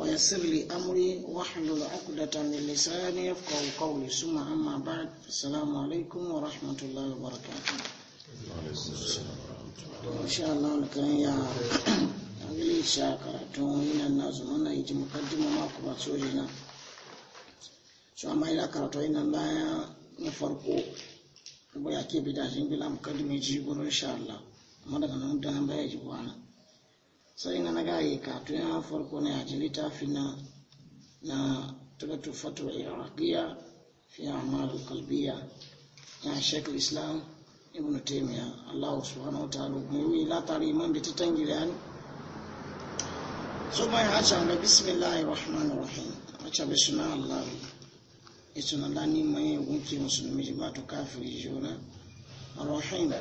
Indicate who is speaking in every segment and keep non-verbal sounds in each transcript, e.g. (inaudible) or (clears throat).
Speaker 1: ويسر لي أمري واحلل عقدة من لساني يفقه قولي ثم أما بعد السلام عليكم ورحمة الله وبركاته إن شاء الله لكن يا أغلي شاكرة تون الناس من يجي مقدمة ما كبر سوجنا شو أما إلى كرة إن الله نفرقه أبو يكيب داشين بلا مقدمة جيبور إن شاء الله ما دعنا نبدأ نبدأ يجي sai ina na gayi katun ya farko na yaji littafi na na tugatu fatwa iraqiyya fi a'mal qalbiyya ya shekul islam ibn taymiya allah subhanahu wa ta'ala mu yi latari man bi titan gidan so mai hacha na bismillahir rahmanir rahim hacha bi sunan allah isuna lani mai gunki musulmi ba to kafiri jona rahim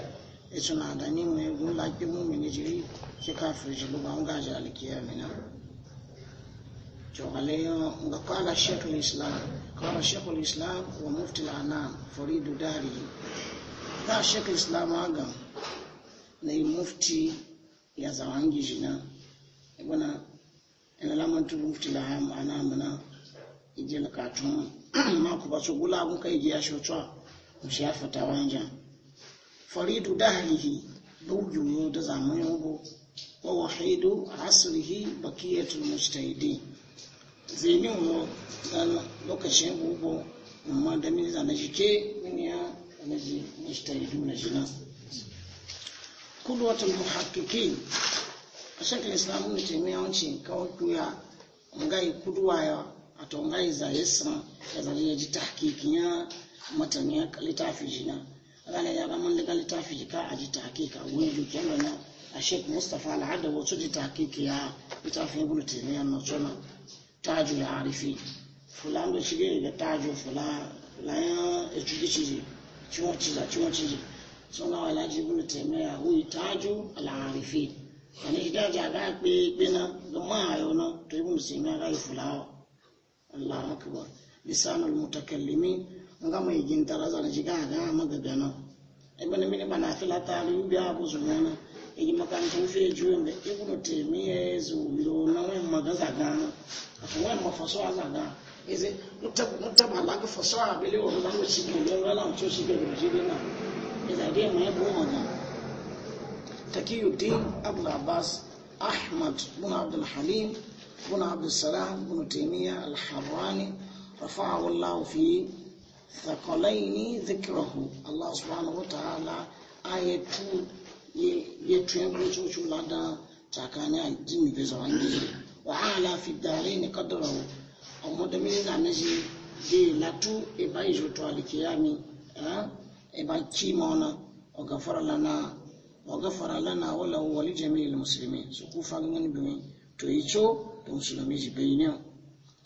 Speaker 1: suna da ni mai gula ki mu mini jiri ki kafir ji lugu an gaji alikiyar mina jogale ga kala shekul islam kala shekul islam wa mufti al'anam faridu dari ga shekul islam aga na yi mufti ya zawan gishi na ibana ina lamantu mufti la'am anam na ijil katun (clears throat) ma ku ba su gula kun kai giya shi mutu ya fata faridu dahrihi bugu da zamanin hugu wa wahidu asrihi bakiyatul mujtahidin zemin wo dan lokacin hugu amma da min zana shike min ya na ji mujtahidu na jina kulwatul muhaqqiqin shakil islam ne ce mai wancin kawai kuya ngai kuduwa ya ato ngai za yasa ya zane ji tahkikin ya matanya jina gana ya ba mun daga littafi ka a ji tahqiqa wani jikin rana a sheikh mustapha al'adda wasu ji tahqiqi ya littafin ibn taymiya na tsona tajul arifi fulan da shige ga tajo fulan layan ejuki ciji ciwon ciji ciwon ciji sọ́nà aláàjì ibùdó tẹ̀mẹ́ àwọn ìtajú àlàárífì ẹni ìdájà àgá pé gbéná ló máa ayọ̀ náà tó ibùdó tẹ̀mẹ́ àgá ìfúláwọ̀ aláàmọ́kìbọ̀ lisanu mutakallimi nga mu igin taraza gaa jiga ga magaga na ebe na mini bana fila tari ubi abu zumana igi makaranta ufi ya juwe e mbe ibunu temi ya ezu milo na we maga zagana afu we mafaso a zagana eze mutaba lagu faso a bele wa zango shige ya wala mcho shige ya jige na eze adiye mwe bu maga takiyuddin abdul abbas ahmad bin abdul halim bin abdul salam bin temiya al-harrani رفعه الله فيه ni zikirahu Allah subhanahu wa ta'ala ayetu yetu ya gbe lada chaka ni ajini bezo wangi wa ala fi dare ni kadara wu omode mi nina meji latu eba ijo to aliki yami eba ki mona ogafara lana ogafara lana wala wali jami ili muslimi so kufa ngani bimi to icho to muslimi jibayinyo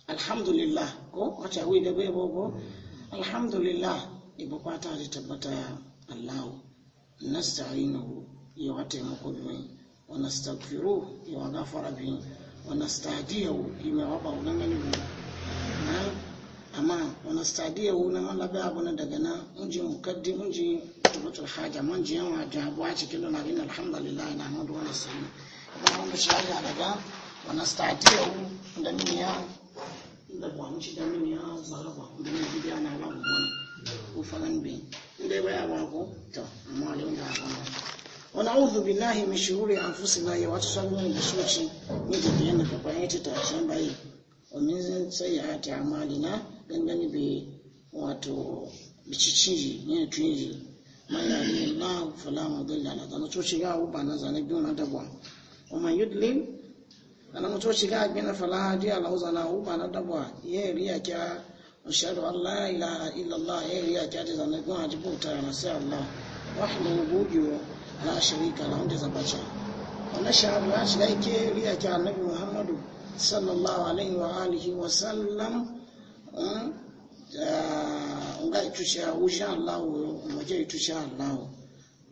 Speaker 1: alhamdulillah ko kacha wida bebo bo mm -hmm. alhamdulillah ibu kwata da tabbata ya allahu nasta'inuhu ya wa taimako bi wa nastaghfiru ya wa gafara bi wa nastahdiyahu ya mai waba wannan gani bi amma wa nastahdiyahu na malabi abu na daga na unji mukaddi unji tubatul haja man da abu a cikin lana bin alhamdulillah na hamdu wa nasta'inu ba wanda shi ya daga wa nastahdiyahu da min ya inda bɔn ci da mini ya zara ba da ni gidi ana ba mu wani ko falan bin inda ba ya ba ko to amma yau da ba na wa e na'udhu billahi min shururi anfusina ya wata sabon da soci ni da yana da bayan ta ta san bai wa min sayyi'ati a'malina dan gani bi wato biciciji ne tunji mana ne na fulama dalla na dan soci ga uba na zane biyu na dabwa wa man yudlil ana mutuwa shiga gina falahadi ala na uba na dabwa ye riya kya ashhadu an la ilaha illa allah ye riya kya da zan gun haji buta na sai allah wahdahu bugiyo na shirika na hundi zabacha wannan shahadu ya shiga ke riya kya annabi muhammadu sallallahu alaihi wa alihi wa sallam hmm, eh, nga itusha usha allah umoje itusha allah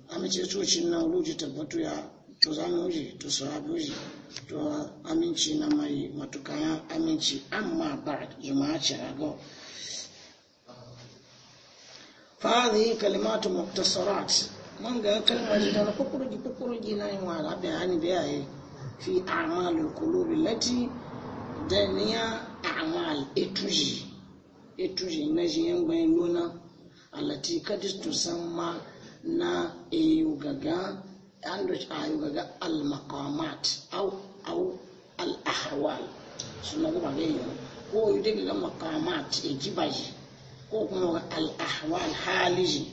Speaker 1: amice na uluji tabbatu ya to zamu uji to uji to aminci na mai matukayan aminci amma ba juma'a ce rago fa'adhi kalimatu muktasarat man ga kalmar da na kukurugi kukurugi na yin wala bayani bayaye fi a'malul qulubi lati daniya a'mal etuji etuji na jiyan bayan luna allati kad tusamma na eyu gaga yanda shi a yi al-makamat au au al-ahawal suna gaba ga yi ko yi duk ga makamat e jibaji ko kuma ga al-ahawal haliji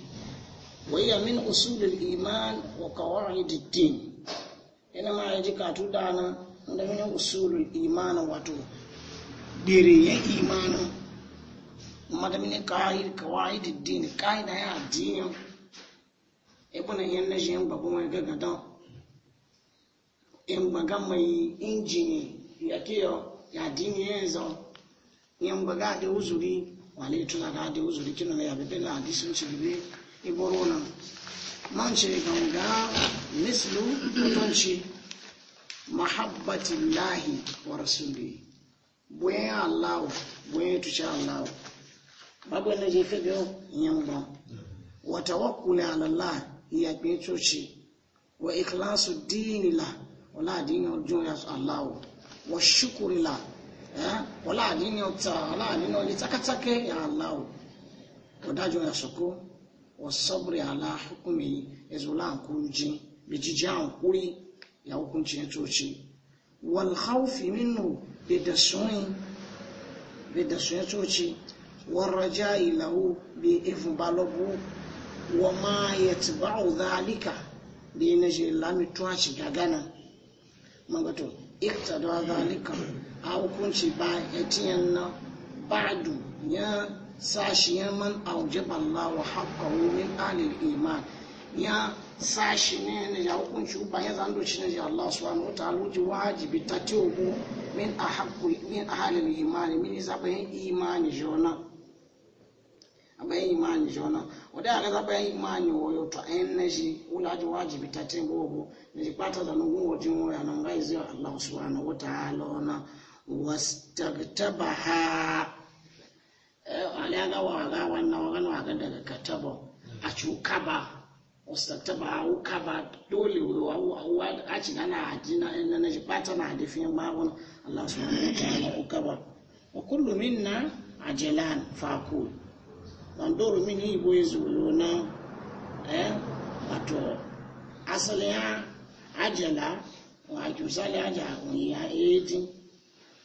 Speaker 1: wayya min usulul iman wa qawaidid din ina ma yi jika tuta nan inda min usulul iman wato dere ya iman imanin magamin kawai kawai din kai na ya addinin ebuna yan na shin babu mai gaga don in baga mai injini ya kiyo ya dini ya zo yan baga da uzuri wale tuna ga da uzuri kinu ya bebe e na hadisin ci bebe iboro nan man ce ganga mislu mahabbati llahi wa rasuli boyen allahu boyen tuce allahu babu wanda je fi biyo yan ba wata wakula alallah iya pe coci wa ikhlasu dini la wala dini ọjọ́ ya aláwọ̀ wa ṣukuri la wala dini ọta wala dini ọlẹ takatake ya aláwọ̀ ọdájọ́ ya sọkó wa sọ́bùrì ala hukumi ezola nkurujin bi jíjẹ́ àǹkúrí ya hukunci ya coci wal haufi minnu bi da sunin bi da sunin wa ma ya tiba'u zalika da yi na lami tuwa shi gagana magato ikta da zalika a hukunci ba ya tiyan na ba'adu ya ya man aujiballah wa haka min alil iman ya sashi ne na ya hukunci ba ya zando shi ne Allah su subhanahu wataala uji wajibi ta ce min a halin imani min zaba yin imani jona amma yin imani jona ode aka zaba yin imani woyo to ayin na shi wulaji wajibi ta ce gogo na shi kwata da nugun wajen waya nan ga izo Allah subhanahu wa ta'ala wana wastagtaba ha e, ali aga wa ga wannan wa gano aga daga katabo a cuka ba wastagtaba ha uka ba dole wa a ci gana a jina na shi kwata na hadifin magun Allah subhanahu wa ta'ala uka ba wa kullu minna ajalan fakul zandoro mini igbo ezuru na eh wato asali ha ajala wato sali aja hun ya eti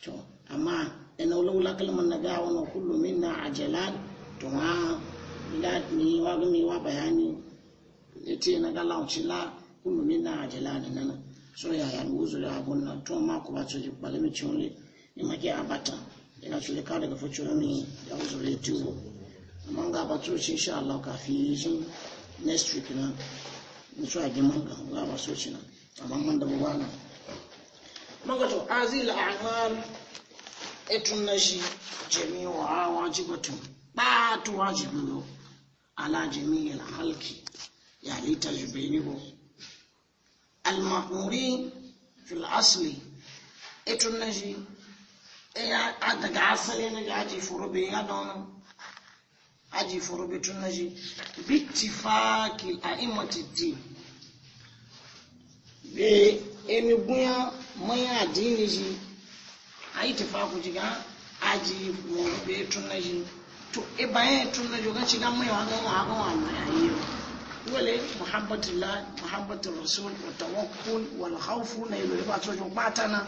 Speaker 1: to amma ina wula kalmar na ga wani kullum minna ajala to ma ila ni wa gumi wa bayani eti na ga launci la kullum minna ajala da so ya ya muzu da abun na to ma ku ba su ji balimi ciwon abata ina su da ka daga fucciyomi ya uzure tiwo amma ga ba coci insha Allah kafin jin next week na na cewa gimin ga ga ba coci nan amma mun da buwa nan manga to azil a'mal etun nashi jami'u a wajibatu ba tu wajibu ala jami'il halki ya lita jibini ko al-ma'muri fil asli etun nashi eh, ya daga asali na gaji furu bin ya dono aji furu tun na shi ki a di be emi gunya manyan addini shi a yi tifaku jiga aji furu bi na naji to e bayan tun na jogan shi dan mai wani wani wani wani wale muhammadullah muhammadur rasul wa tawakkul wal na yi ba so jo batana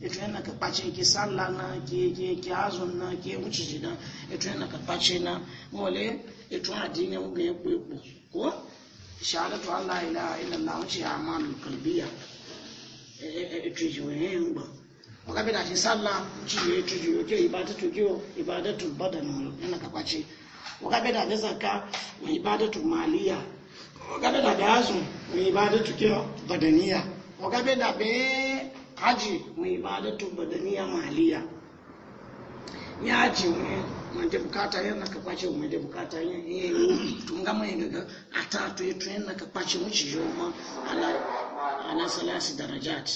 Speaker 1: etu yana ka kpace ke sallah na ke ke ke azun na ke wuciji na etu yana ka kpace na wale etu addini mu ga ya kwekwo ko shahadatu allah ila ila allah wuce ya amalul kalbiya e, e, e, etu ji wani yin gba maka bi da shi sallah ci ya etu ji oke ibadatu kiwo ibadatu badanu yana ka kpace bi da shi zakka ibadatu maliya maka bi da shi azun ibadatu kiwo badaniya maka bi da bee haji mai ibadatu badaniya maliya ya ce mai wanda bukata yana ka kwace wanda bukata yana yi tun gama yi daga a ta to yi tun yana ka kwace wuce yau ma ala salasi darajat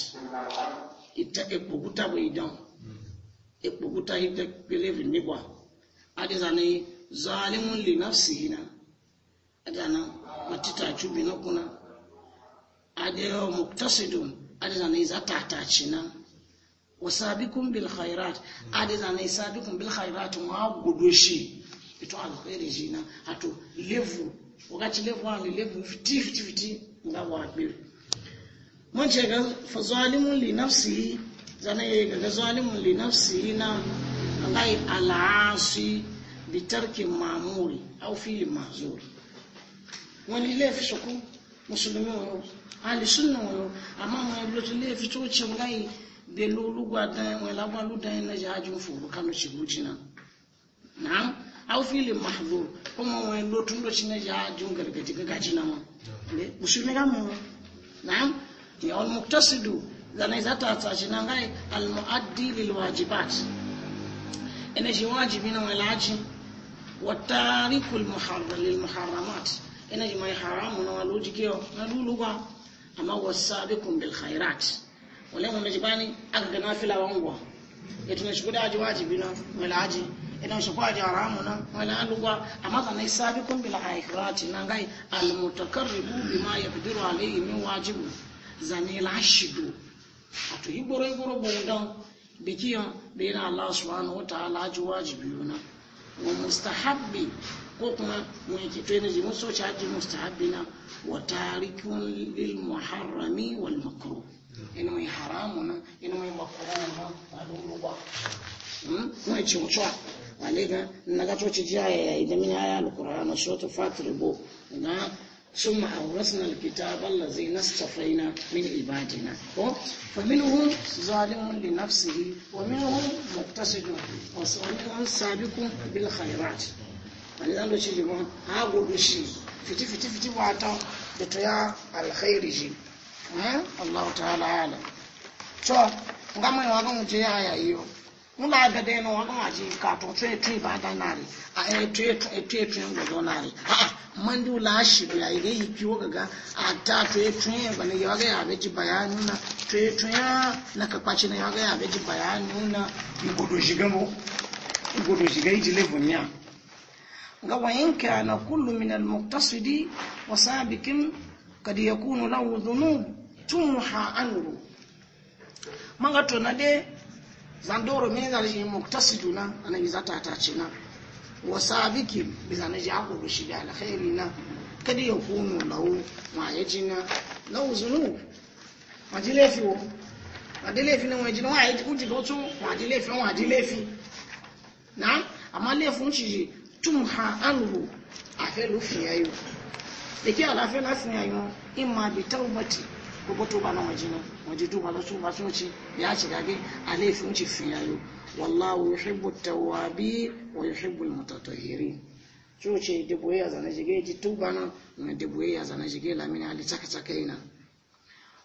Speaker 1: ita ekpoguta bai don ekpoguta ita a nikwa zane yi zalimun li yi na na matita cubi na kuna adiyo muktasidun adza na iza tata cinan wasabikum bil khairat adza na isabikum bil khairat wa gudu shi ito alkhairi na, hato levu wakati levu wani levu fiti fiti, nga wa akbir mun ce ga fa zalimun li nafsihi zana ya ga zalimun li nafsihi na alai al'asi bi tarki ma'muri aw fi ma'zur wani lefu shuku mùsùlùmí òyò alìsùnà òyò àmọ́ àwọn da tó léèfi tó ti ń láyé bẹ̀lú olúgbàdán ẹ̀wọ̀n ẹ̀lágbàlúdán ẹ̀nà yà á jù fòrò kánú ti lójì náà nàám awufili mahdo kuma wani lotun lokacin na ya jin gargaji gagaji na mu musulmi ga mu na'am ya wal muktasidu zane zata ta tsaci nan gai almu'addi lil wajibat ina shi wajibi na walaji wa tarikul muharram lil muharramat ina ji mai haramu na walo jigiyo na luluwa amma bi kumbil khairat wala mun ji bani aka ga nafila wangwa ya tuna shi guda ji wajibi na wala aji ina shi kwa ji haramu na wala alugwa amma kana sabikum bil khairat na ngai al mutakarribu bima yaqdiru alayhi min wajibu zani lashidu ato hiboro hiboro bondan bikiyan bayin Allah subhanahu wa ta'ala ji wajibi na wa mustahabbi ko kuma mai kito na jimin soci hajji mustahabbina wa tarikun lil muharrami wal makru ina mai haramu na ina mai makuru na a lulluwa kuma ya ce mutuwa wale ga na gato ci jiya ya yi da mini aya alkurara na shoto fatiribo na ثم أورثنا الكتاب الذين اصطفينا من عبادنا فمنهم ظالم لنفسه ومنهم مقتصد ومنهم سابق بالخيرات alilalo shi jigon hagudu shi fiti fiti fiti wata da to ya alkhairi shi eh, Allah ta'ala ala so nga mai wa kan je ya ya iyo mula da dai no wa kan ji ka to tue tue ba da nari a e eh, tue eh, tue tue ngo do nari ha mandu la shi ya ile yi piwo gaga a ta tue tue ba ne ya ga ya be bayani na tue tue na ka kwaci na ya ga ya be bayani na gudu shigamo gudu shigai jile bunya ga wayan na kullu min al-muqtasidi wa sabiqin kad yakunu lahu dhunub tunha anhu manga to na de zandoro min zalji ana yi zata ta na, wa sabiqin bizana ji aku shi da na, kad yakunu lahu ma yajina lahu dhunub majile fi wo majile fi ne wajina wa yaji kuji lotu majile fi wajile fi na amma lefun shi tumha anhu a felu fiyayo deke ke alafe na fiyayo in ma bi taubati ko boto ba na majina waje la su ba sun ci ya ci gage fi laifin ci fiyayo wallahu yuhibbu tawabi wa yuhibbu almutatahiri so ce deboye ya zana jige ji tuba na na deboye ya zana jige lamina ali chaka chaka ina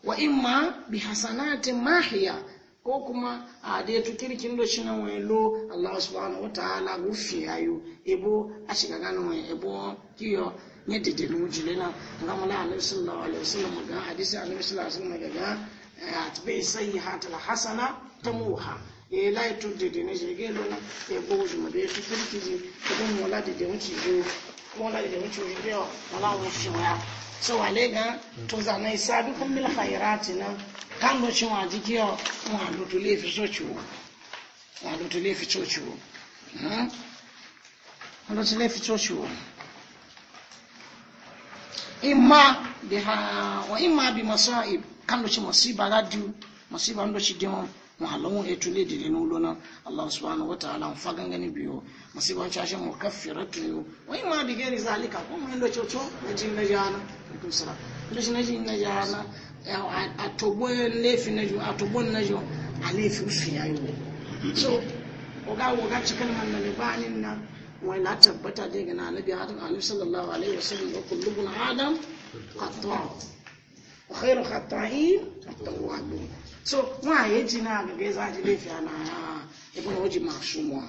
Speaker 1: wa imma bi hasanati mahiya ko kuma a dai ya kirkin da shi nan wani lo Allah subhanahu wa ta'ala gufin yayo ebo a shiga ganin wani ebo kiyo ne da dinu jile na gama la alaihi sallallahu alaihi wasallam ga hadisi eh, alaihi sallallahu alaihi wasallam ga atbe sayyihat alhasana tamuha e lai to de dinu ne jege lo na ebo juma de tukirkin ji ko mo la de de wuci ji mo la de de wuci ji yo wala wuci ya so wale ga to zanai sabiqun bil khairatina kando ci wa jiki wa lutu lefi so ciwo wa lutu lefi so ciwo hmm? wa lutu lefi so ciwo imma bi ha wa imma bi masaib kando ci masiba radiu masiba ndo ci dimo muhallamu e etu de ne ulo na Allah subhanahu ala fa gangani biyo masiba cha shi mukaffiratu yo wa imma bi ghairi zalika kuma ndo ci to ne ji na jana alaikum salam ndo ci na jana atobo laifin na jo atobo na jo a fi su ya yi so o oga oga cikin man ba ni na wai la tabbata dai ga nabi hadin annabi sallallahu alaihi wasallam wa kullu adam khata wa khairu khata'in at-tawwabun so wa ji na a ji zaji laifin na ji ibn mu masumwa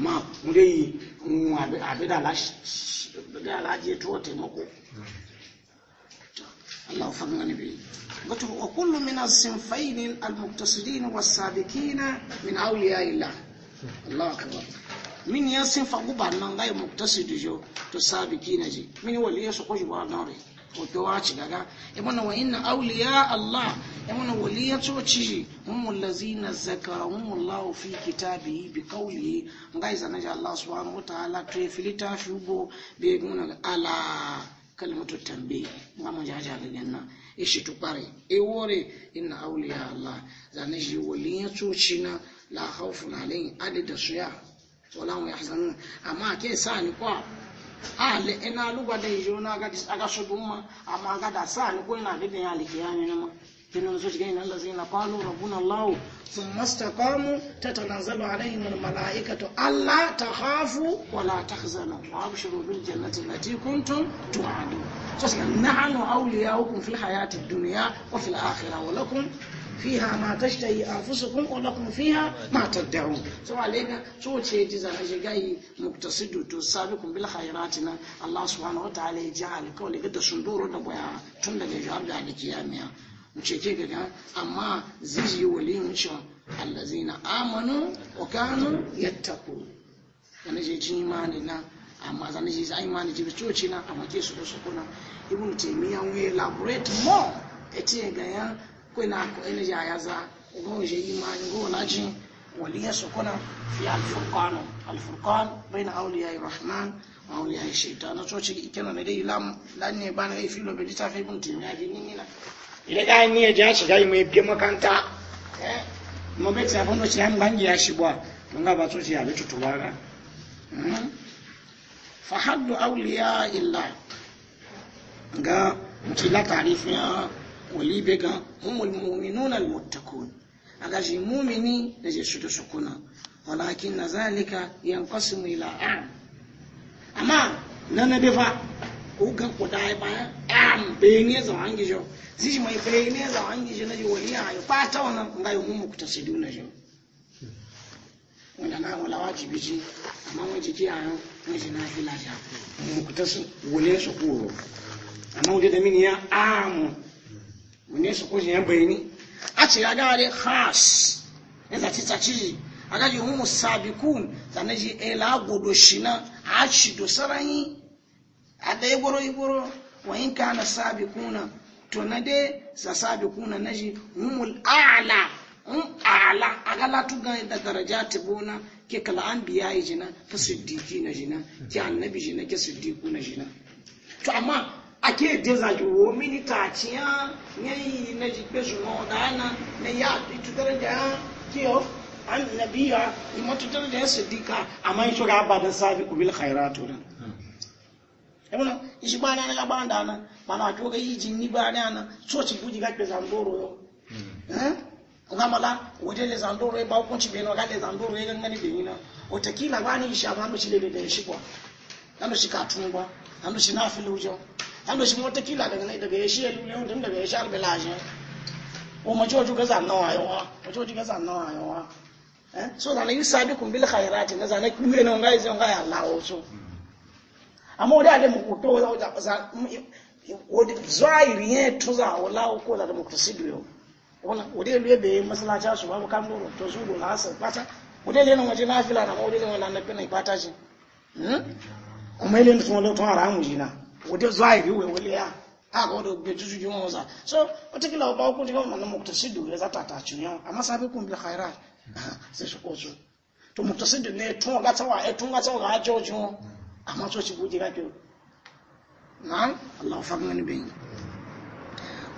Speaker 1: amma mu dai abi da alaji tuwa taimako Allah fa gani bi wato wa kullu min as-sinfayn al-muqtasidin was-sabiqin min awliya illah Allah akbar min yasin fa guba nan gai muqtasidu jo to sabiqin ji min wali yasu ko ba nan rai wato wace gaga ya wa inna auliya Allah ya mana waliya coci humul lazina zakara mummun lahu fi kitabi bi qawli ngai zana ja Allah subhanahu wa ta'ala to filita shugo be muna ala kalmatu tambi ngama jaja ga ganna ishi tukare e wore inna auliya Allah zane shi waliya coci na la khawfun alaihim adada suya wala ya yahzanun amma ke sa ni kwa ale ena lugwa de jona ga dis aga shudu amanga da sa ni ko ina da ya liki ya ni ma so su nan da zin na qalu rabbuna allah thumma istaqamu tatanzalu alaihim al malaikatu alla takhafu wa la tahzanu wa abshiru bil jannati allati kuntum tu'adun so nahnu awliyaukum fil hayati dunya wa fil akhirah wa lakum fiha ma ta anfusukum wa lakum fiha ma tad'un so alega so ce ji zana je gai muktasidu to sabiqum bil khairatina Allah subhanahu wa ta'ala ya ja'al kawai ga da sunduro da baya tun daga jawab da kiyamiya mu ce ke gaga amma ziji waliyin shi allazina amanu wa kanu yattaqu kana je ji imani na amma zan ji sai imani ji coci na amma ke su su kuna ibnu taymiya we elaborate more ete ga ya ko ina ko ina ja ya za ko je imani ko na ji wali ya sokona fi alfurqan alfurqan baina awliya arrahman wa awliya shaitan to ce ke na dai lam lan ne bana ai e filo be ta litafi ibn ya ji ni na ile e ga ni ya e ja shiga mai bi makanta eh mo be tsafon no ci an bangi ya shi bwa mun ga ba to coci ya bitu tubara hmm? fa haddu awliya illa ga mutila tarifin ulibega bega humul mu'minuna almuttaqun agaji mu'mini na je shuto sukuna walakin nazalika yanqasimu ila am ama nana befa uga kudai ba am beni za wangi jo zishi mai beni za wangi jo naji wali ayo pata wana ngayo humu kutasiduna jo wala na wala wajibi ji ama mun jiki ayo mun ji na fila ja mu kutasu wale su kuro da mini ya amu wani su kujin yan bayani a ce ya gare khas ne ta ci tsaci a gaji humu sabikun ta um na ji ela godo shina, a ci do sarani a da igoro igoro wa ka na sabikuna to na de sa sabikuna na ji humul a'la in a'la a ga latu ga da daraja ta bona ke kala an biya jina fa siddiki na jina ke annabi jina ke siddiku na jina to amma ake deza ji wo mini ta ciya yayi na ji pe su mo na na na ya tu daraja ki yo an nabiya ni mo tu daraja sidika amma in shura ba da sabi kubil khairatu dan hmm. ebona ishi ba na ga banda na mana to ga yi jinni ba na na so ci buji ga pe zamboro yo hmm. eh ngamala wote le zandoro e ba ko ci beno ga le zandoro e ngani benina otakila bani isha ba mu shi le be den shi ko nanu shi ka tun tunba nanu shi na fi filujo an da shi wata kila daga daga ya shi ya lulun tun daga ya shi albilashin o mace wajen gaza nawa yawa mace wajen gaza nawa yawa eh, so da na yi sabi kun bil khairati na zana kun ne ngai zan ga Allah o so amma wada da mu to za da zairi ne to za wala ko da mu kusidu yo wala wada le be masallaci su babu kan duro to su do na fata pata wada le na waje na fila na wada le na na pina pata shi hmm? kuma ilin ne to wala to haramu jina wòde zahiri wewele ya ha ga wadda gbe juju yiwon wasa so watakila ọba okun ti gọvanọ si ya zata ta ta ciyan amma sabi kun bi khairat sai shi kotu to muktasidu ne tun ga wa e tun ga tsawa ga jojo wọn amma so si buji gafe na allah fa gani bin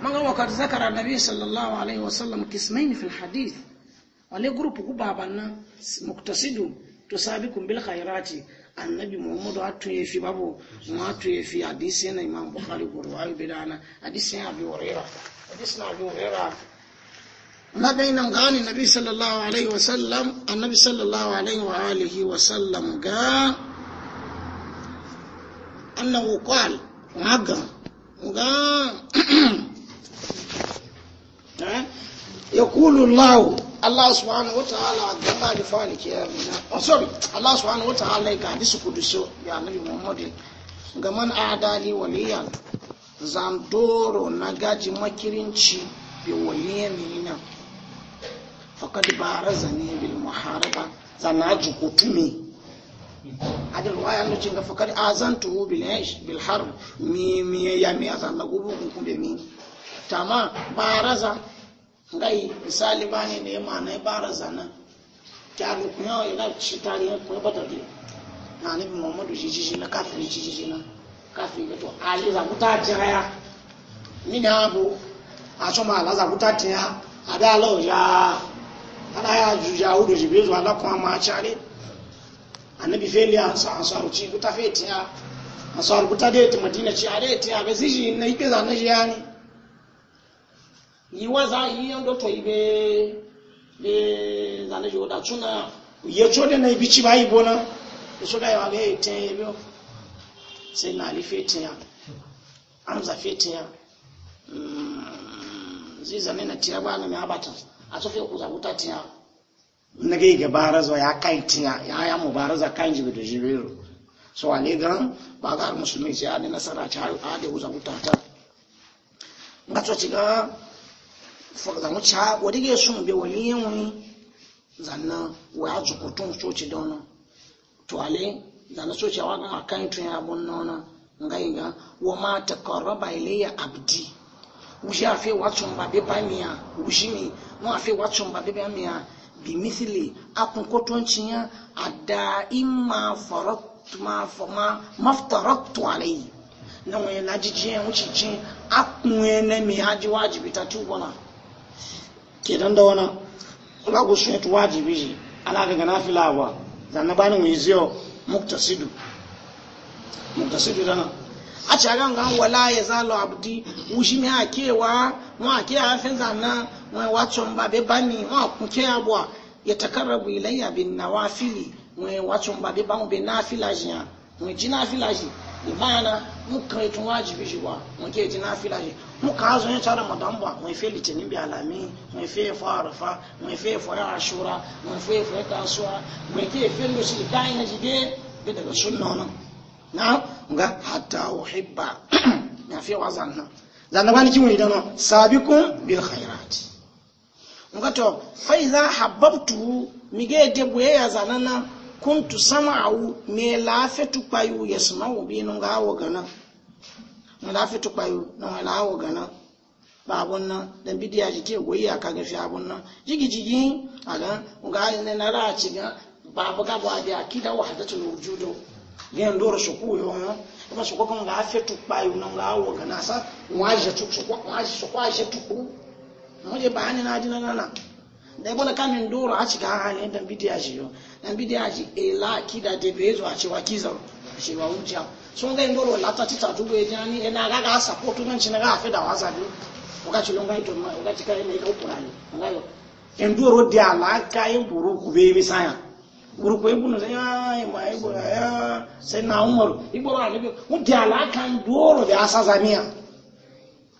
Speaker 1: man ga wakar zakara nabi sallallahu alaihi wasallam kismain fil hadith wale grupu ku baban si muktasidu to sabi kun bil khairati annabi muhammadu a ya fi babu mu hatu ya fi hadisi na imam bukhari guru ayu bidana hadisi na abi hurairah hadisi na abi hurairah na dai gani nabi sallallahu alaihi wa sallam annabi sallallahu alaihi wa alihi wa sallam ga annahu qala maga ga ya kulu الله Allah subhanahu wa ta'ala gaba da fara na oh sorry Allah subhanahu wa ta'ala ga hadisi kudusi ya nabi muhammadu. ga man adali waliyan zandoro na gaji makirinci bi waliyamina faqad zane bil muharaba zanaji kutume adil waya no cinga faqad a zan aish bil harb mi mi ya mi azan lagubu kumbe mi tama baraza ngai misali bani ne ma ne bara zana kya ni kunyo ila chitari ko bata di na ni muhammadu jiji na kafiri jiji na kafiri to ali za kuta jaya mini abu ma ala za kuta tiya ada lo ya ada ya juja udo jibezo ala ma kwa machari annabi feli ansa ansaru ci kuta fetiya ansaru kuta de madina ci ade tiya ga ziji na ikiza na ni yi wa za yi yan dokto yi be be zane jo da tuna ye chode na yi ibichi ba yi bona so da yawa ga ite ebe sai na ali fete ya amza fete ya mm, zai zane na tiya ba na mi abata a sofe ku za wuta tiya na ga ga barazo ya kai tiya ya ya mu baraza kan jibi da jibiru so ale gan ba ga musulmi sai ali nasara ta ha da ku za wuta ta ngatso ciga zanwu ca wadda ke sun o wani yin wani zanna o ya zukutun soci da wani tuwale zanna soci a wagan akan tun ya bun nona nga yi ga wo ma ta karaba ilayya abdi wushi afe watsun ba bɛ ba miya wushi mi mu afe watsun ba bɛ ba miya bi misili ko tɔn ya a da i ma fama maftaratu alayhi na ma lajijin wucicin akun ne a kun ye ne mi haji wajibi ta tubona kenan da wani kula ku sun yatu wajibi shi ana daga na filawa zanna bani mu yiziyo muktasidu muktasidu dana a ci agan gan wala ya zalo abdi wushi mi hakewa mu hake a fin zanna wani wacon ba be bani wani kunke abuwa ya takarrabu ilayya bin nawafili wani wacon ba be bamu be nafila shi ya wani ji nafila shi ibana mukan yi e tun wajibi shi wa wani ke ji nafila shi muka hazo yin tsara madamba mai fe litinin bi alami mai fe fa arafa mai fe fa ya ashura mai fe fa ya kasuwa mai ke fe lo shi kai na jide bi daga sunna wannan na ga hatta uhibba na (clears throat) fi wa zanna zanna bani kin wani dano sabiqu bil khairat nga to fa iza habbtu mige de boyaya zanana kuntu sama'u me lafetu payu yasma'u bi nunga wo ganan na lafi tukpayo na wani lawo gana ba abun nan dan bidiya jike goyi a aka fi abun nan jigi jigi a ga ga ne na ra ci ga ba bu ga ba akida wahdatul wujudo gen dora su ku yo no ba su ko kan ga fi tukpayo na nga awo gana sa wa je tuk su ko wa su ko je tuk mu je ba ni na ji na na da ibola kamin dora a cikin halin dan bidiya shi yo dan bidiya shi ela akida de bezo a cewa kizar cewa wuciya sun ga indoro lata tita dubu ya ni ina ga ga support nan cin ga afi da wasa bi wakati longa ito ma wakati ka ina ga ukurani ngayo indoro di ala ka indoro kube mi saya guru ko ibunu saya ya ma ibu ya sai na umaru ibu ra ne mu di ala ka indoro da asa zamia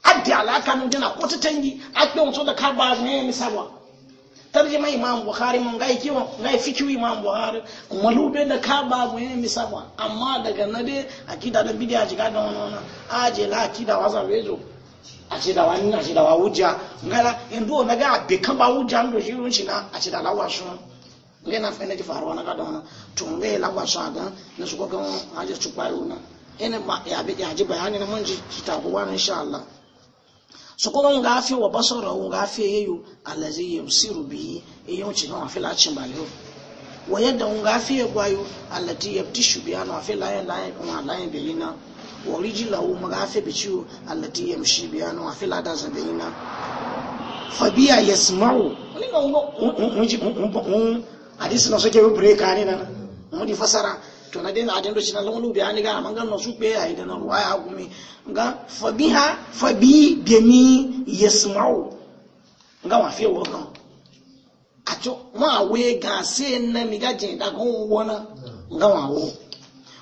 Speaker 1: adi ala ka nu dina ko tangi a pe on so da ka ba ne tarjima imam bukhari mun ga kiwa ga fikiu imam bukhari kuma lube da ka ba mu ne amma daga na dai akida da bidiya jiga da wannan aje la akida a ce da wani a ce da wa wujja ngala indo na ga be kan ba na a ce da lawa shi ne na fa da wannan tun sokoko nga wa basara nga afi yeyo alazi yusiru bihi eyo chino afi la chimbalo wa yadda nga afi yagwayo alati yabtishu biha na afi la yanda wa la belina wa rijila wu nga afi bichiyo alati yamshi biha na afi la da zabelina fabiya yasma'u ni ngo ngo hadisi na soke break ani na mo di fasara to na dai na ajin doshi na lamalu bayani ga man gan su be ai da na ruwaya gumi ga fabiha fabi bemi yasma'u nga wa fi wo kan acho ma we ga se na mi ga jin da gon wona ga wa wo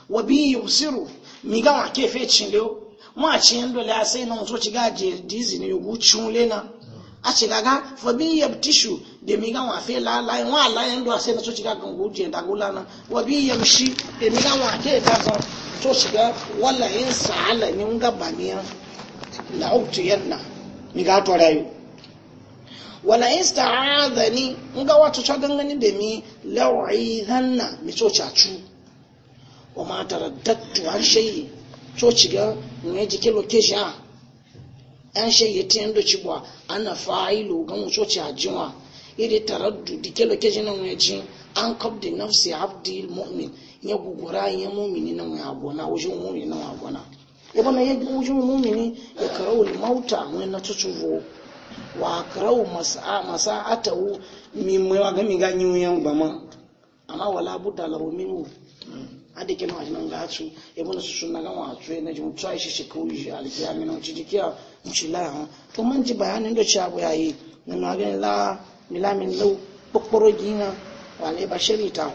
Speaker 1: wa bi yusiru mi ga wa ke fe chin leo ma chin do la se na so ci ga je dizi ne yugu chun le na a shiga ga fabi ya tishu da mi ga wafe lalaye wa lalaye ndo sai na so shiga ga guje da gulana wa bi ya mishi da mi ga wake ta zan to shiga wala in sa'ala ni ga bamiya la uktu yanna mi ga to rayu wala in sta'adani in ga to ta gangani da mi la'idhanna mi so cacu wa ma taraddatu an shay'i so shiga ne jike location yan shege tin ci ba ana fa'ilu ga muso ci ajinwa iri taraddudi kelo keji na wani ji an kop da nafsi abdi mu'min ya gugura ya mu'mini na wani agona wajen mu'mini na wani agona ya bana ya wajen mu'mini ya wani mauta wani na tutuvo wa karau wu mimwe wa gami ga yiwuyan gbama amma wala buddha laro minu ade ke ma jinan ga su ya bana su suna ga wa tsoye na a yi shi shi kawai shi alkiyami na wuce jikiya mushila hàn tó man ji bayani do ci abu yayi na na gani la milamin lau kpokporo gina wale ba shari ta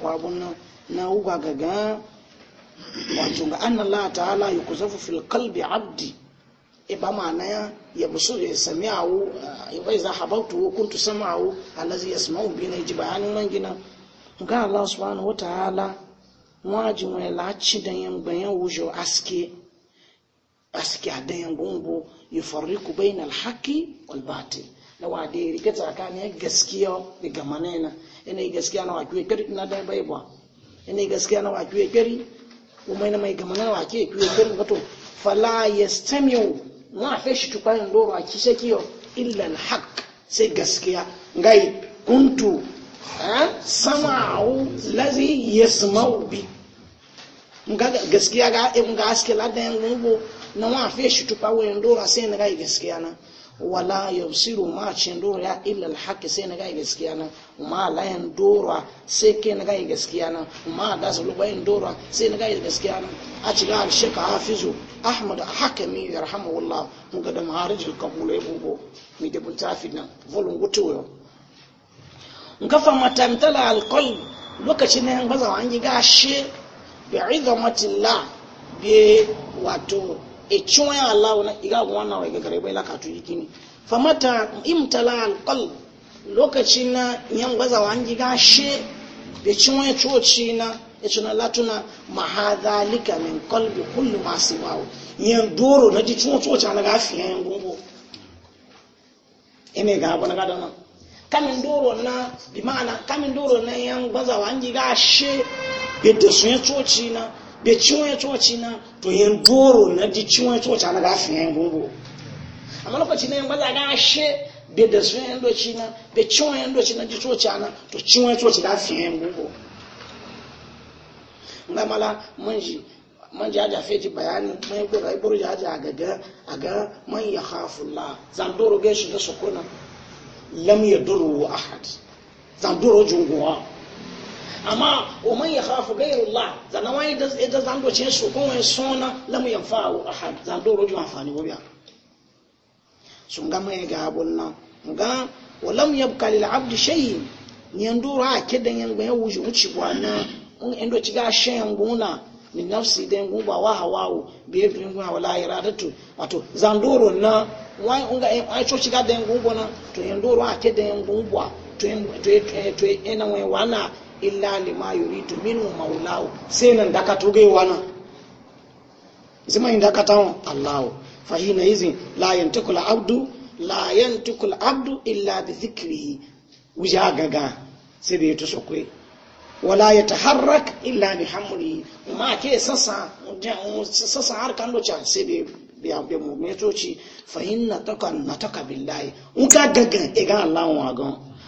Speaker 1: na uga gaga wato ga anna allah ta'ala yukuzafu fil qalbi abdi e ba ma ya sami awu ya bai habautu wa kuntu sama awu alazi ya sami bi na ji bayanin nan gina ga allah subhanahu wa ta'ala wajin wani laci da yan bayan wujo aske aski hadayen gungu yufarriku bainal haqqi wal batil na wa da kan ya gaskiya da gamanena ina gaskiya na wakiwe kari na da bai ba ina gaskiya na wakiwe kari kuma ina mai gamanena wakiwe kari wato fala yastamiu na fe shi tukayin doro a kishe kiyo illa al sai gaskiya ngai kuntu eh, sama'u lazi yasma'u bi gaskiya ga in ga aske ladan gungu na wa fe shi tupa wa ndora sai na ga gaskiya na wala yusiru ma cin dora ya illa alhaq sai na ga gaskiya na ma la yan dora sai ke na ga gaskiya na ma da su lubayin dora sai na ga gaskiya na a ci ga sheka hafizu ahmad hakimi yarhamuhullah mun ga da maharij kabul ya go mi da buntafi nan volun gutoyo ngafa matamtala alqalb lokacin ne an bazawa an yi gashe bi bi wato echiwa ya Allah na iga wannan wai gagare bai lakatu yi yikini famata imtala alkal lokaci na yan gwaza wangi ga gashe da chiwa ya coci na ya tuna latuna mahadhalika min kalbi kullu masu wawo yan doro na ji chiwa coci na gafi yan gungo ime ga abu na gada nan kamin doro na bi ma'ana kamin doro na yan gwaza wangi ga gashe e da su ya coci na be ciwon ya coci na to yin doro na ji ciwon ya coci na gafin yayin gungu amma lokaci na yin bala ga ashe be da su yayin doci na be ciwon yayin doci na ji coci na to ciwon ya coci gafin yayin gungu na mala manji ji man ja ji bayani mai gura ibur a ja gaga aga man ya khafullah zan doro ge shi da sokona lam yadurru ahad zan doro wa. amma o man ya khafu gairullah zanna wani da da zan doce su ko wani sona lam yanfa wa ahad zan do rojo amfani wuri biya sun ga mai ga abun nan ga wa lam yabqa lil abd shay ni do ra ke dan yan gban wuji uci gwana un endo ci ga shen guna ni nafsi den guba wa hawawo bi evrin guna wala iradatu wato zan doro na wani un ga ai cho ci ga den gubona to yan doro ra ke dan gubwa to to e, to ena e, e wani wana illa lima tu minu maulawo sai nan da ka toge wannan zima da ka tawo Allahu fa hina izin layan tukula abdu layan tukula abdu illa bi zikiri wuja gaga sai da yato kwe wala ya ta harrak illa bi hamuri ma ke sassa sassa har kan locha sai bi mu metoci fa na taka nataka billahi in ka gaga e ga Allah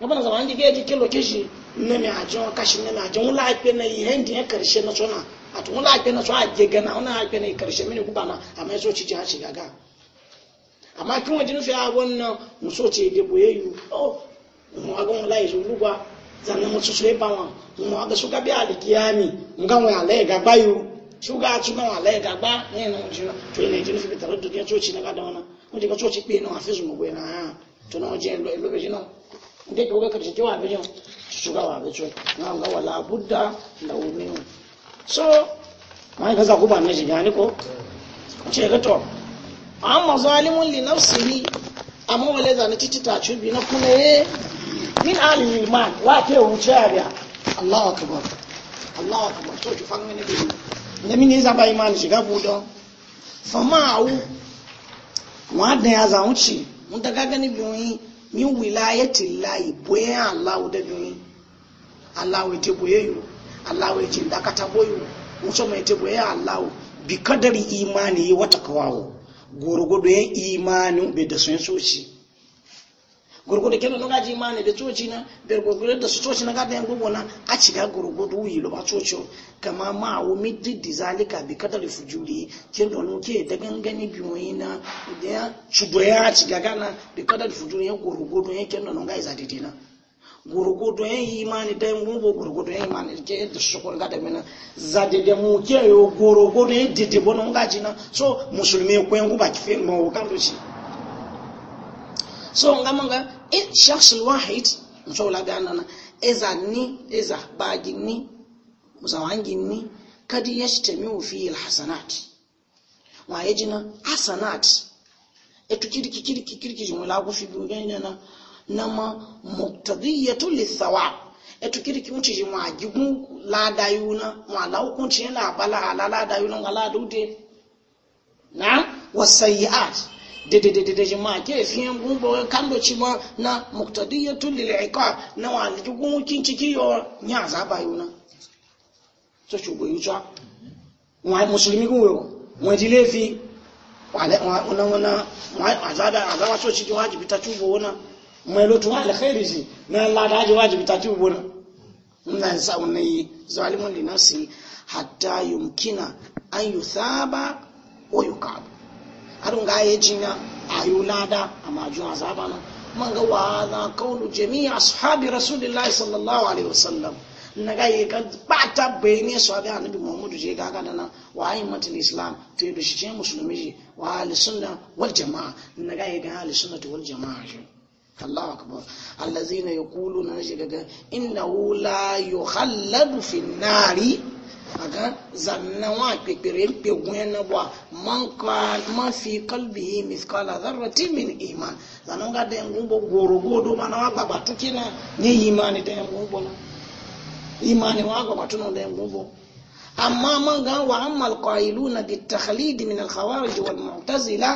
Speaker 1: gabana zaman di eji kelo kishi na mai ajụ kashi na mai ajụ wula na ihe ndị ya karshe na suna a tun wula haife na suna na yi karshe mini na a mai so a hashi gaga amma kin nufi a wannan muso ce bụ boye yi o ga wani alayi gaba yi su ga su ga na wajen na gada wani wajen ka coci na hafizu mu na ha n' na da ke wuga karshe kewa abin shuga wa abin na ga wala budda da umin so mai ka zaku ba na shiga ne ko ce ga to amma zalimun li nafsihi amma wale zane titi ta cubi na kuma ye eh, min alil iman wa ke wuce abiya allahu akbar allahu akbar to ki fanni ne ne mini za ba iman shiga fama fama'u wa da ya zawuci mun ta ga gani biyoyi min wilayati layi boye alawu da doyi alawu ite boye yu alawu ite dakata boyu muso mai ite boye alawu bi kadari imani yi wata kawawo gorogodo ya imani bai da sun soci gurgudu kenan nuka ji mane da coci na da gurgudu da su coci na gada yan gugu na a ciga gurgudu wuyi lo ba chocho kama ma wo mi didi ka bi kadar fujuri kin don ke da gangani biyoyi na da ya chudo ya ciga gana bi kadar fujuri ya gurgudu ya kin don ga iza didi na gurgudu ya yi imani da yan gugu gurgudu ya imani ke da su kun gada mina za didi mu ke yo gurgudu ya didi bonon ji na so musulmi ko yan guba kife mo ka do shi so ngamanga الشخص الواحد مشولا بأننا إذا ني إذا باقي ني مزوانجي ني قد يجتمع فيه الحسنات ويجنا حسنات etu kirki kirki kirki jumla ku fi doganya na nama muqtadiyatu lithawab etu kirki mun ci ma gigun la dayuna ma la hukunci yana bala ala la dayuna ala dude na wasayiat dededede ji ma ke fiye gumbo kando na muktadiyatul lil iqab na wa ji ciki yo nya za ba yuna to shugo yuja wa musulmi gun yo wa ji lefi wa wa una una wa azada azawa so wajibi ta mai ji na la da ji wajibi ta sa unai zalimun hatta yumkina an yuthaba arun ga ya jinya ayu lada amma ajun azaba nan man ga wa za kaulu jami'a ashabi rasulillahi sallallahu alaihi wasallam na ga kan bata bayne su abi annabi muhammadu je ga ga nan wa ayi mutun islam to yi dushi je musulmi je wa ahli sunna wal jama'a na ga yi ga ahli sunna wal jama'a je Allahu akbar الذين يقولون najiga innahu la yukhalladu fin aga zanna wa pepere mkpe gwena bwa man fi kalbihi mithqala dharrati min iman zanna nga de ngumbo godo mana wa baba tukina ni imani de ngumbo na imani wa baba tuno de ngumbo amma man ga wa amal qailuna bit takhlid min al khawarij wal mu'tazila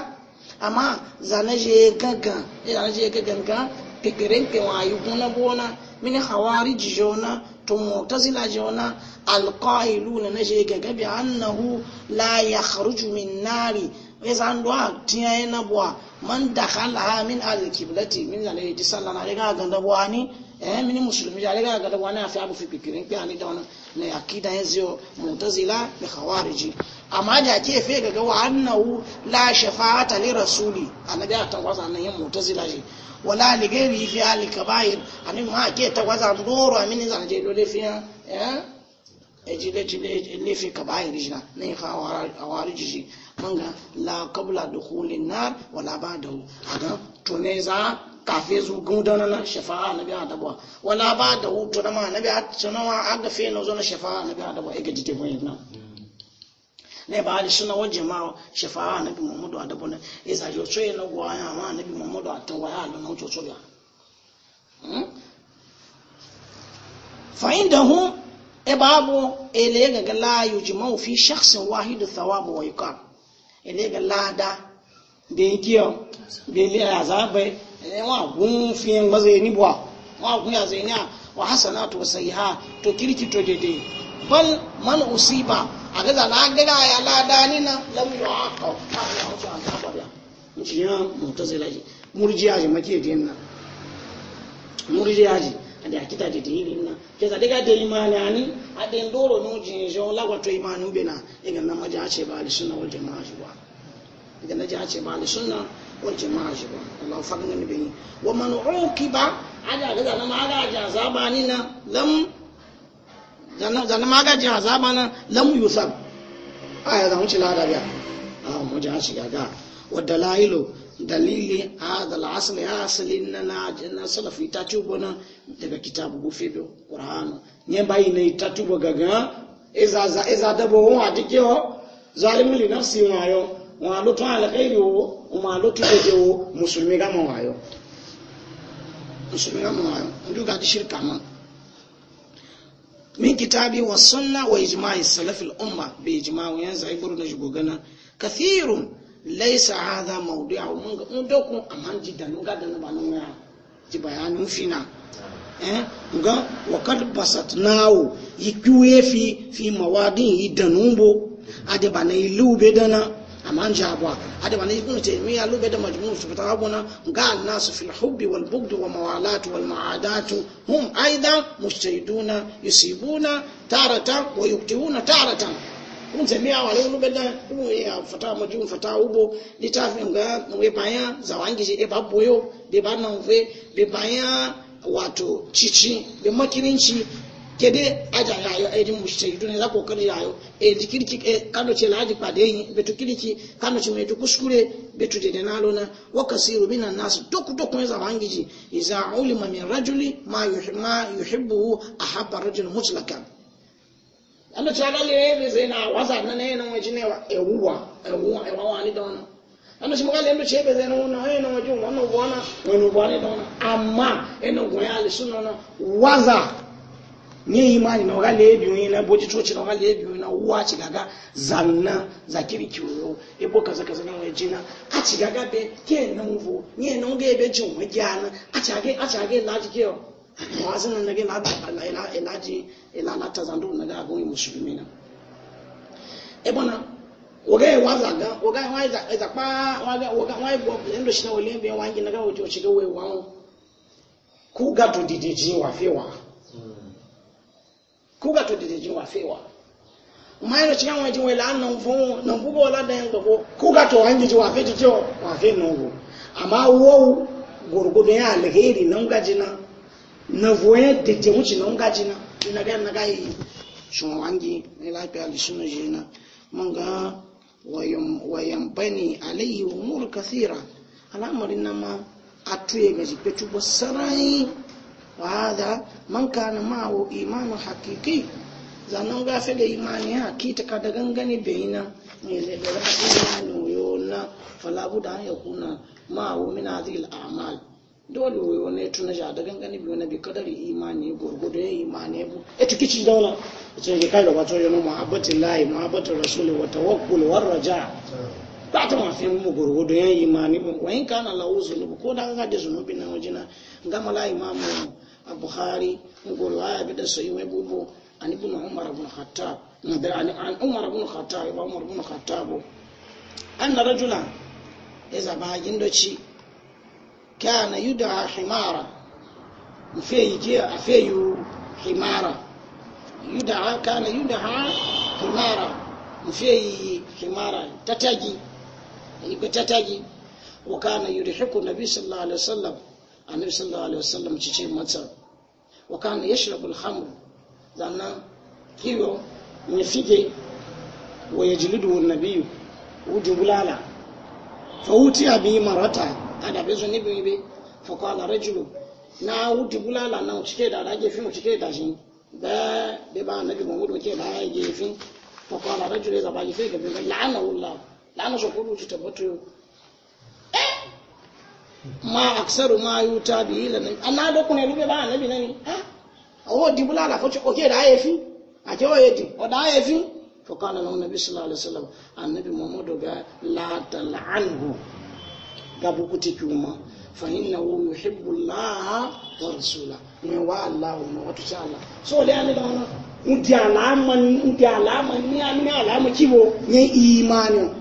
Speaker 1: amma zanaje je gaga zanna je gaga peperenpe wayi guna bona mini hawariji jona to mutazila jona alqailuna na je gaga bi annahu la yakhruju min nari ezan do tiyaye na bua man da dakhala min alqiblati min alayhi eh, sallana ga ganda bua ni eh mini musulmi ya ga ganda bua na afi abu fi peperenpe ani da wannan ne akida yanzu mutazila bi hawariji amma da ke fe ga wa annahu la shafa shafa'ata li rasuli annabi ta wasa nan yin mutazila je wala ligeri fi hali kabair anin ma ke ta gwaza amin amini zan je dole fi ya e le ji le fi kabair jina ne ka awari jiji manga la qabla dukhulin nar wala ba'dahu aga to ne za kafe zu gudana na shafa'a nabi adabwa wala ba'dahu to na ma ta atsunawa aga fe na zo na shafa'a nabi adabwa e ga jite mai na. ne ba ali suna wa jama'a shafa'a annabi muhammadu adabu na isa e yo tsoye na gwa ya ma annabi muhammadu atawa ya alu na ojo tso ya fa indahu e babu ele ga ga la yujma'u fi shakhsin wahid thawab wa yuqab ele ga lada be kiyo be le azabe e wa gun fi ngbaze ni buwa wa gun ya zaina wa to sai ha, to kirki to dede bal man usiba a ga zana gina ya lada ni na lamu ya haka ta ya wuce a zabar ya mutu ya mutu sai laji murjiya ji make din na murjiya ji a da kita da din na ke za daga da imani ani a da ndoro no jin jo la wato imani be na iga na maji a ce ba da sunna wal jama'a ba iga na ji a ce ba da sunna wal jama'a ba Allah fadin ne bi wa man a ada ga zana ma ada ja zabani na lamu. zanen magajin azaba nan lam yusuf a zan wuce lada biya a mu ji shi gaga wadda lailo dalili da al'asl ya asalin na na salafi ta tubo na daga kitabu gufe bi qur'an ne bayi na ta tubo gaga iza e za wọn e a dike adike o zalimu li si wa yo wa lutu ala khairi wo ma lutu de o musulmi gama wayo wa musulmi gama wayo wa yo ndu ga shirka ma min bi wa sunna wa ijma'i salafil umma bi ijma'u yanzu ai buru na shigo gana kathirun laisa hadha mawdi'u mun ga mun dokun amman ji da ba nan ya ji bayanin fina eh ga wa kad basatnahu yikuwe fi fi mawadin yidanumbo ade bana ilube dana amma an jabuwa adama ne ibnu taymiya lube da majmu'u su fita abuna ga annasu fil hubbi wal bugdu wa mawalatu wal ma'adatu hum aidan mujtahiduna yusibuna taratan wa yuktihuna taratan kun taymiya wa lube da ibnu ya fata majmu'u fata ubo litafin ga we baya zawangi je e babboyo be banan we be baya wato cici be makirinci kede aja yayo edi mushtahidu ne za kokari yayo edi eh, kirki eh, kando ce laji pade yi betu kirki kando ce mai kuskure betu de nalo na wa kasiru minan nas doku doku ne za wangiji iza ulima min rajuli ma yuhibbu yuhibbu ahabba rajul mutlaqan Allah ta gale ne zai na waza nan ne nan waje ne ewuwa ewuwa ewuwa e wani da wannan ana shi magana yadda ce ba zai nuna wani na wajen wannan buwana wani buwana da wannan amma yana e goya alisu na waza nye imani na ogala ebi onye na boji chochi na ogala ebi onye na uwa chigaga zanna za kiriki uyo ebo kaza kaza na weji na achigaga be ke na mvu nye na oge ebe ji onwe gyana achage achage laji ke o wazi na nage la la ila elaji ila la taza ndo na ga go musulmi na ebo na
Speaker 2: oge waza ga
Speaker 1: oge waza eza pa waga oga wai bo ndo shina wele be wangi na ga ojo chige we wawo ku ga to didiji wa fe wa kuga to dide jinwa fewa mayo chinya mwe jinwe la nan fun na bugo la da yango kuga to hanji jinwa fe jijo wa fe nungu amma wo gurgudun ya alheri nan gajina na voye dide muci nan gajina na ga na ga shun wangi ne lafiya lishin jina mun ga wayan wayan bani alaihi umur kathira al'amarin nan ma atuye gaji petu bosarai wa hada man kana ma'ahu imanun hakiki zanen gafe da imani ta, ka da gangani bayina ne zai da ra'a imani yona falabu da an yakuna ma'ahu min hadhihi amal dole wayo ne tuna ja da gangani biyo na bi kadari imani gurgudu ya imani bu etu kici dauna sai ka kai da wato yana muhabbatin lahi muhabbatin rasuli wa tawakkul war raja' ba ta mafi mu gurgudu ya yi mani wayin kana lahu zunubu ko da kaga da zunubi na wajina ga mala imamu a bukhari ngoro aya bi da sai mai bubu an ibn umar ibn khattab na da an umar ibn khattab ibn umar ibn khattab an da rajula ya zaba gindoci kana yuda himara mfe yike afe yu himara yuda kana yuda himara mfe yi himara tatagi ibetatagi wa kana yurihiku nabi sallallahu alaihi wasallam annabi sallallahu alaihi wasallam ci ce mata wa kana yashrabu zanna ne fige wa yajlidu fa marata ada bezo ni bibe fa qala rajulu na na da rage fi da shi da ba annabi mu da rage fi ga lana shukuru ta tabbato yau eh ma aksaru ma yuta bi ila nabi anna do kuna lube ba nabi nani ah awo dibula la fochi oke da ayefi ake o oh, yedi o oh, da ayefi fa kana lahu nabi sallallahu alaihi wasallam annabi muhammadu ga la tal'anhu ga bukuti kuma fa innahu yuhibbu allaha wa rasula ne wa allah wa watu sha allah so le ani da wana ndi alama ndi alama ni ani alama kibo ni imani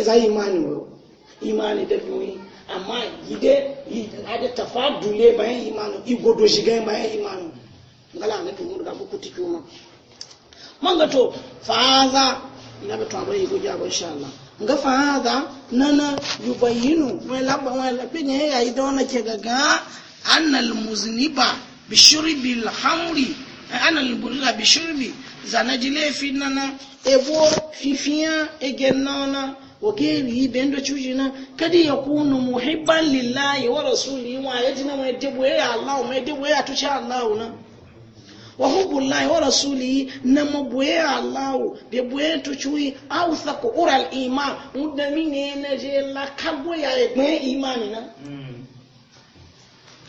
Speaker 1: eza imani wo yi da duni amma gide ade tafadule bayan imanu igodo shiga bayan imanu ngala na tumu da buku tikuma manga to faza ina ba to abai go jabo insha Allah nga faza nana yubayinu wai labba wai labbe ne ya ida wana ke gaga annal muzniba bi shurbil hamri annal burila bi shurbi zanajile fi nana ebo fifiya egenona Wa yi wakeri bendo chujina kadi ya kunu muhibban lillahi wa rasuli wa yajina wa yadibwe ya Allah wa yadibwe ya tucha Allah na wa hubu Allahi wa rasuli na mabwe ya Allah bebwe tu chui au thako ku ural iman muda mine na la kagwe ya yi ebwe imani na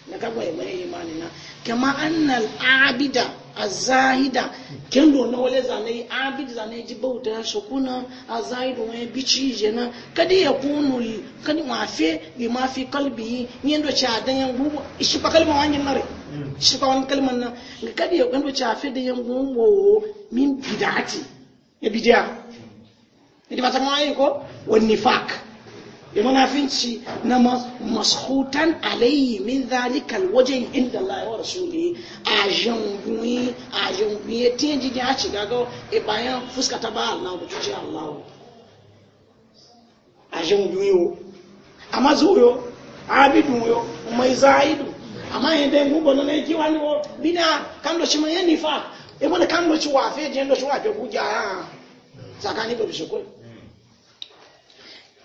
Speaker 1: na yi ebwe imani na kama anna al-abida a azahida kendo na wale zane abid zane ji bauta ya shakuna a zahida wani bici jena kadi ya kunu yi kadi mafi bi mafi kalbi yi yendo cha dan yan gugu shi pa kalma wangin nare shi pa wani kalman nan kadi ya kunu cha fe da yan gugu min bidati ya bidiya ne ba ta kuma yi ko wani fak. ya munafinci na mashutan alayhi min zalikal wajen inda Allah wa rasuli a janguyi a janguyi ya tiyan jijin a ci gago e bayan fuska ta ba Allah da cuci Allah a janguyi yo a mazuyo abidu yo mai zaidu amma yadda yin gubo na na yake wani wo bina kan da shi mai yan nifa e wani kan da shi wafe jiyan da shi wafe guja ya tsakanin da bishikoi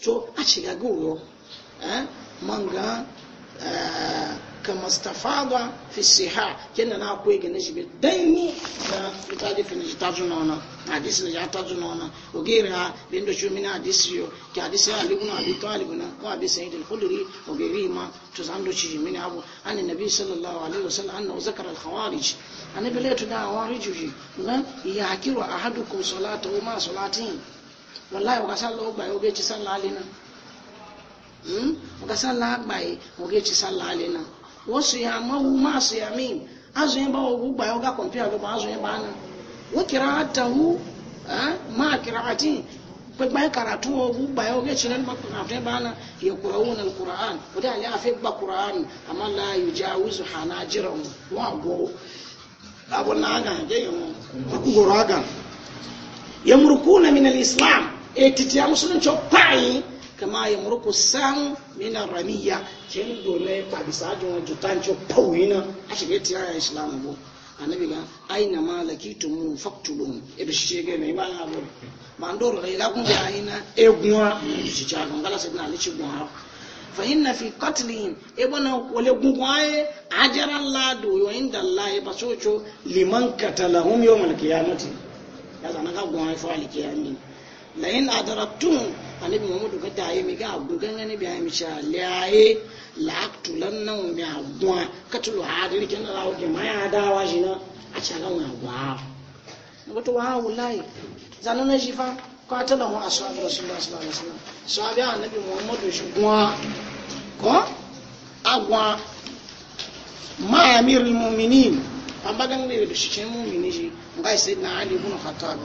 Speaker 1: so a shiga guro eh, man ga eh, ka mustafada fi siha na akwai ga na shibe danyi na da finish ta zuna wana hadisi na ya ta o ha yo ki abi ko abi o ma to do shi abu nabi sallallahu alaihi wasallam annahu zakara al khawarij to da eh, ya ahadukum ma salatin wallahi waka sallah o gbaye oge ci sallah alina hmm waka sallah gbaye oge ci sallah alina wasu ya mawu masu ya min azu yin ba ogu gbaye oga kwamfiya ga ba azu yin ba na wa kira tahu eh, ma kira ati gbaye karatu ogu gbaye ke ci nan ba karatu yin ba na ya kurawun alkur'an wadda ali afi gba kur'an amma la yujawizu hanajirahum wa go abun na aga ga yi mu akugoro aga yamrukuna min al-islam etiti eh, ya musulunci kwayi kama ya muruku san mina ramiya ke ni dole a bisa ajin wajen tanci pauyi na a shige tiyaya islam bu annabi ga aina ma lakitu mu faktulun ibi shi ga mai ba na bu ba ndoro da ilagun ga aina egunwa shi ta ga gala sai na ci gunwa fa inna fi qatlihim ibana e wale gunwaye ajara ladu yo inda allah e ba socho liman katalahum yawm alqiyamati ya zanaka gunwaye fa alqiyamati layin adaratun anabi muhammadu ga daye mi ga abu gangane bi ayi micha laye la'aktu lannan mi agwa katulu hadir kin da rawo ma ya dawa shi na a ci ran agwa wato wa wallahi zanana shi fa qatala hu ashabu rasulullah sallallahu alaihi wasallam sahabi anabi muhammadu shi gwa ko agwa
Speaker 2: ma amirul
Speaker 1: mu'minin amma gangane da shi mu'mini shi ga sayyidina ali ibn khattab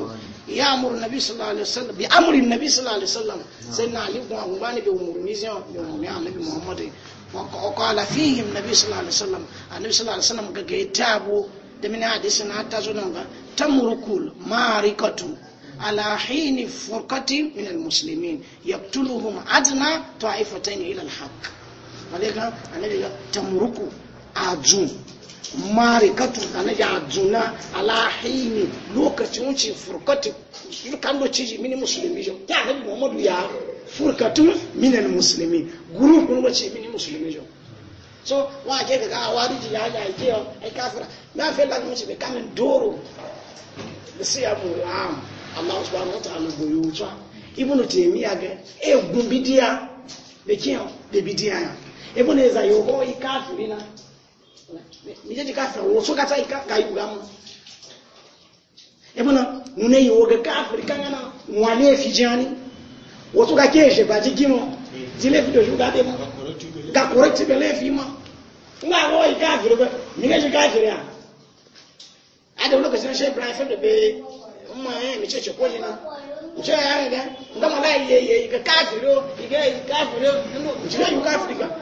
Speaker 1: ya amuru nabi sallallahu alaihi wasallam bi amri nabi sallallahu alaihi wasallam sai na ali kuma mu bani bi umurni sai bi umurni annabi muhammad wa qala fihim nabi sallallahu alaihi wasallam annabi sallallahu alaihi wasallam ga ga tabo da min hadisin hatta zo nan ga tamrukul marikatu ala hini furqati min almuslimin yaqtuluhum adna ta'ifatayn ila alhaq wale ga annabi ga a ajun marikatu da na jajuna alahimi lokacin wuce furkatu furkan da mini musulmi jo ta annabi muhammadu ya furkatu minan musulmi gurufin wace mini musulmi jo so wa ke ga awari ji ya ya ke ai kafira na fe la mu be kan doro da siya mu am allah subhanahu wa ta'ala bo ibnu taymiya ga e gumbidiya be be bidiya ibnu ikafirina méjèèjì ká fẹ̀wọ̀ sókàtà ìkàkàyù gámọ́ ẹbùnà nùnẹ́ ìwò gẹ̀kẹ́ afirika gánà wọn alẹ́ fi jẹ́ ní wọ́n tó kàkẹ́ ẹ̀ṣẹ̀ bàjí gímọ̀ tí lè fi dòṣù gádé ti fi mọ́ ńgbà àwọ̀ ìkà àfìrí bẹ́ méjèèjì ká àfìrí à adé olókèsí ṣe ibrahim fẹ́ bẹ̀bẹ̀ mọ́ ẹ̀ mi ṣẹ̀ṣẹ̀ kó yìí náà ṣe ẹ̀ ẹ̀ ẹ̀ yi ǹdọ́mọlá ilé ìkà àfìrí ka ìkà àfìrí ó nínú kan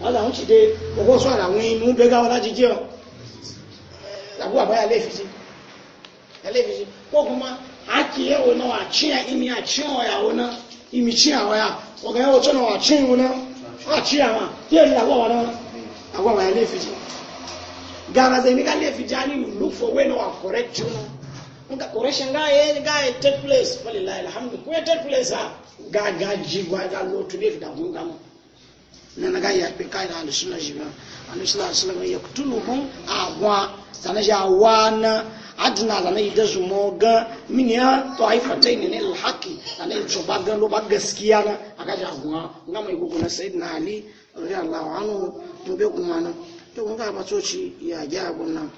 Speaker 1: wọ́n làwọn ti dé owó sọ́rọ̀ àwọn inú gbégá láti jẹ́ ọ àbáyà lẹ́fìsí lẹ́fìsí kó kún mọ́ àkíyẹ́ wọn náà àchíyàn ìmì àchíyàn ọ̀yà wọn náà ìmì chíyàn ọ̀yà look for correct you nka correction ga e ga ye take place walilahi alhamdu kuye take place ga ga jigwa ga na naga gaya pe kai da alusuna jibi alusuna alusuna ya kutulu hun agwa zana ja adina yi dazu mo ga mini ya to ai fata ne ne alhaki zana yi ba gan lo ba gaskiya na aka ja agwa nga mai gugu na sayyidina ali radiyallahu anhu to be kuma na to kun ga masoci ya ja abun nan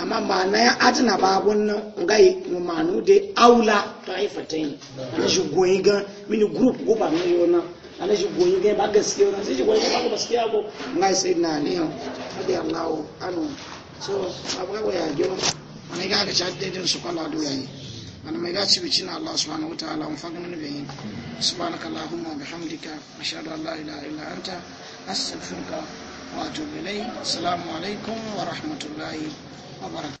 Speaker 1: amma ya adina babun nan gai ma'anu dai aula to ai fata ne ana shi goyi ga mini gurup guba na yona ana shi goyi kai ba gaskiya na sai shi goyi kai ba gaskiya ko nga sai na ne hadi Allahu anu so abu ga waya gyo ana ga ga chatte din su kala do yayi ana mai ga ci bicin Allah subhanahu wataala mun fagin mun bayin subhanaka allahumma bihamdika ashhadu an la ilaha illa anta astaghfiruka wa atubu ilayk assalamu alaikum wa rahmatullahi wa barakatuh